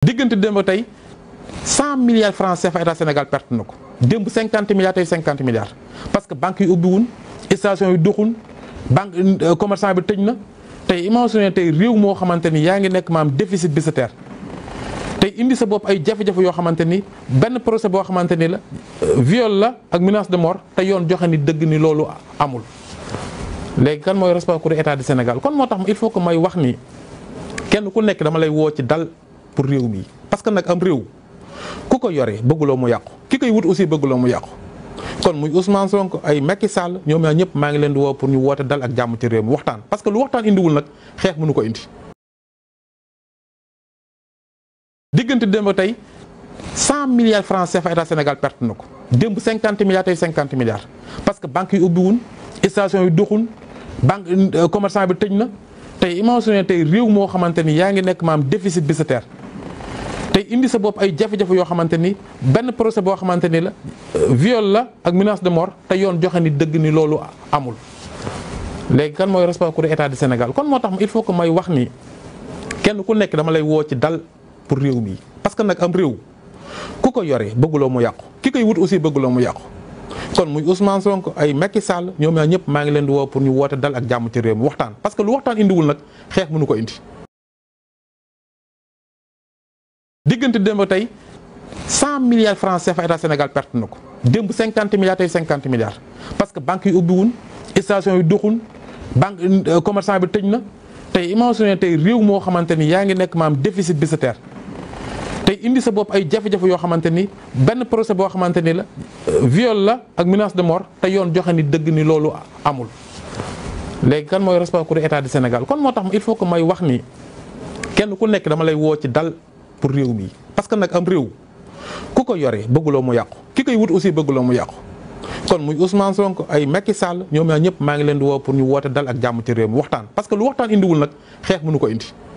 diggante démb tay 100 milliards francs CFA état Sénégal perte nako demb 50 milliards tay 50 milliards parce que banque yi ubbiwun station yi doxun banque commerçant bi tëj na tey tay rew mo xamanteni xamante ni ngi maam déficit budgétaire tay indi sa bop ay jafé jafé yo xamanteni ben procès bo xamanteni ni la euh, viol la ak menace de mort te yoon joxe ni dëgg ni lolu amul légui kan mooy responsabilité état du Sénégal kon motax il faut que may wax ni kenn ku nek dama lay wo ci dal pour réew mi parce que nak am réew kuko ko yore bëgguloo mu yàqu ki koy wut aussi bëgguloo mu yàqu. kon muy Ousmane Sonko ay Macky Sall ñom ñepp ma ngi leen di woo pour ñu woote dal ak jamm ci réew mi waxtaan parce que lu waxtaan indi wul nak xex mënu ko indi. digënté démb tay 100 milliards franc CFA état Sénégal perte na ko démb milliards tay 50 milliards parce que banque yu ubbi wun station yu doxun banque euh, commerçant bi tëj tay tey tay tey réew moo xamante ni yaa ngi nekk maam déficit budgétaire tey indi sa bopp ay jafe-jafe yoo xamante ni benn procès boo xamante ni la euh, viole la ak menace de mort te yoon joxe ni dëgg ni loolu amul. léegi kan mooy responsabilité état du Sénégal kon moo tax il faut que may wax nii kenn ku nekk dama lay woo ci dal pour réew mi parce que nag am réew ku ko yore bëgguloo mu yàqu ki koy wut aussi bëgguloo mu yàqu. kon muy Ousmane Sonko ay Macky Sall ñoom ñaar ñëpp maa ngi leen di woo pour ñu woote dal ak jàmm ci réew mi waxtaan parce que lu waxtaan indiwul nag ko indi. diggante démb tay 100 milliards francs CFA état Sénégal perte nako ko 50 milliards tay 50 milliards. parce que banque banques yi wun station yi doxun banque euh, commerçant bi tëj tay tey tay tey réew moo xamante ni maam déficit budgétaire tay indi sa bop ay jafé jafé yo xamanteni ben procès bo xamanteni la euh, viol la ak menace de mort tay yoon joxe ni dëgg ni lolu amul. léegi kan mooy responsabilité état du Sénégal kon moi il faut que may wax ni kenn ku nek dama lay wo ci dal. pour réew mi parce que nag am réew ku ko yore bëgguloo mu yàqu ki koy wut aussi bëgguloo mu yàqu. kon muy Ousmane Sonko ay Macky Sall ñoom ñaar ñëpp maa ngi leen di woo pour ñu woote dal ak jàmm ci réew mi waxtaan parce que lu waxtaan indiwul nag xeex mënu ko indi.